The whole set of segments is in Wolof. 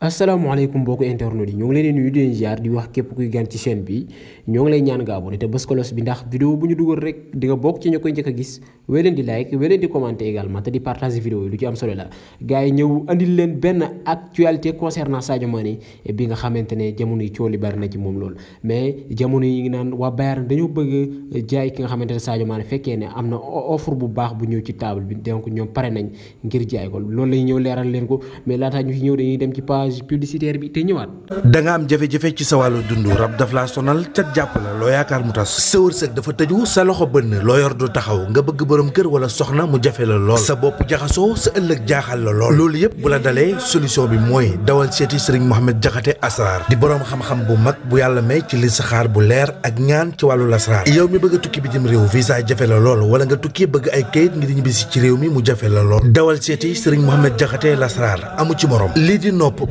asalaamaaleykum mbokki internet yi ñoo ngi leen di nuyu di leen ziar di wax képp kuy gan ci chaîne bi ñoo ngi lay ñu dugal di nga bokk ci ñu koy njëkk a gis wéy leen di like leen di commenter également te di partager vidéo yi lu ci am bi nga xamante ne jamono yi coow li bari na ci moom loolu mais jamono yi ngi naan waa Bayern dañoo bëgg jaay ki nga xamante ne Sadio Mané fekkee ne am na bu baax bu ñëw ci table bi donc ñoom pare nañ ngir jaay ko loolu lañu ñëw leeral leen ko ñu dem ci pa page publicitaire bi te ñëwaat. da nga am jafe-jafe ci sa wàllu dund rab daf la sonal cat jàpp la loo yaakaar mu tas sa wërsëg dafa tëju sa loxo bënn loo yor du taxaw nga bëgg borom kër wala soxna mu jafe la lool sa bopp jaxasoo sa ëllëg jaaxal la lool loolu yëpp bu la dalee solution bi mooy dawal seeti Serigne Mohamed Diakhaté Asrar di borom xam-xam bu mag bu yàlla may ci li saxaar bu leer ak ñaan ci wàllu lasraar yow mi bëgg a tukki bitim réew visa jafe la lool wala nga tukki bëgg ay kayit ngir ñibbisi ci réew mi mu jafe la dawal seeti Serigne Mohamed Diakhaté Lasrar amu ci morom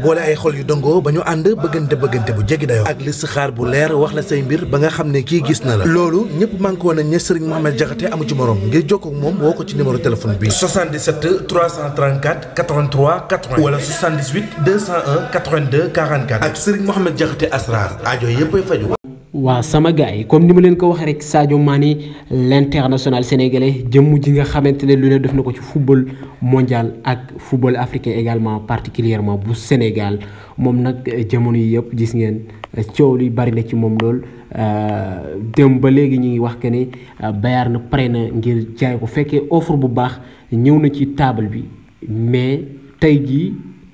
boole ay xol yu dëngoo ba ñu ànd bëggante bëggante bu jéggi dayoo ak listixaar bu leer wax la say mbir ba nga xam ne kii gis na la loolu ñëpp manqué woon na ñe Serigne Mohamed Diakhaté amu ci morom ngir jokkoo ak moom woo ko ci numéro téléphone bi 77 334 83 80 wala 78 201 82 44 ak Serigne Mohamed Diakhaté Asrar aajo yëppay faju comme ni ma leen ko je rek un l'international sénégalais Je ji nga xamantene def football mondial ak football africain également particulièrement bu Sénégal mom nak eh, jamono gis ngeen eh, ciow li bari na ci mom lool. Eh, dem wax que Bayern ngir offre table bi mais tay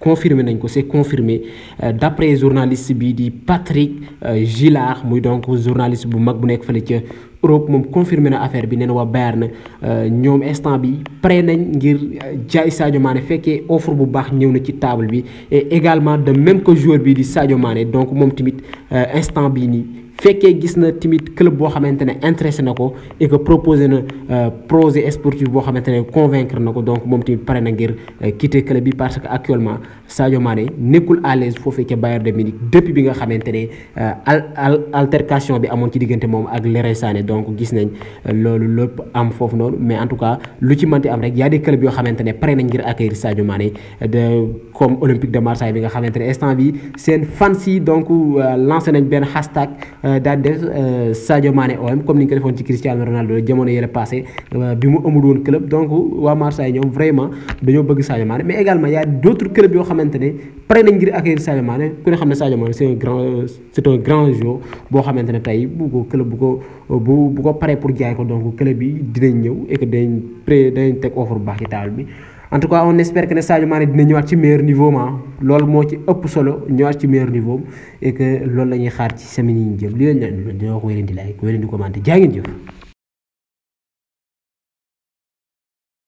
confirmé nañ ko c'est confirmé euh, d'après journaliste bi di Patrick euh, Gillard muy donc journaliste bu mag bu nek fële ci Europe mom confirmé na affaire bi nee wa Bayern euh, ñom instant bi prêt nañ ngir jaay Sadio Mané fekkee offre bu baax ñëw na ci table bi et également de même que joueur bi di Sadio Mané donc mom timit instant bi ni fekkee gis na tamit club boo xamante ne intéressé na ko et que proposé na euh, projet sportif boo xamante ne convaincre na ko donc moom tamit pare na ngir euh, quitter club bi parce que actuellement Sadio Mané nekkul à l'aise foofee ca Bayern de Munich depuis bi nga xamante ne euh, al altercation bi amoon ci diggante moom ak Leroy donc gis nañ loolu lépp am foofu noonu mais en tout cas lu ci mënti am rek y a des clubs yoo xamante ne pare nañ ngir accueillir Sadio Mané de comme Olympique de Marseille bi nga xamante ne instant bi seen fancy donc lancé nañ benn hashtag. Euh, daal def euh, Sadio Mané OM comme ni ko defoon ci Cristiano Ronaldo jamono yële passé euh, bi mu amul woon club donc waa Marseille ñoom vraiment dañoo bëgg Sadio Mané mais également y a d' yoo xamante pare nañ ngir accueillir Sadio Mané ku ne xam ne Sadio Mané c' un grand c' boo xamante ne tey bu ko club bu ko bu bu ko paree pour jaay ko donc club yi dinañ ñëw et que dinañ pré teg offre baax ci taal bi. en tout cas on espère que ne Sadio Mané dina ñëwaat ci meilleur niveau ma lool mo ci ëpp solo ñëwaat ci meilleur niveau et que nous lañuy xaar ci semaine yi ñu jëm li leen di wax like commenter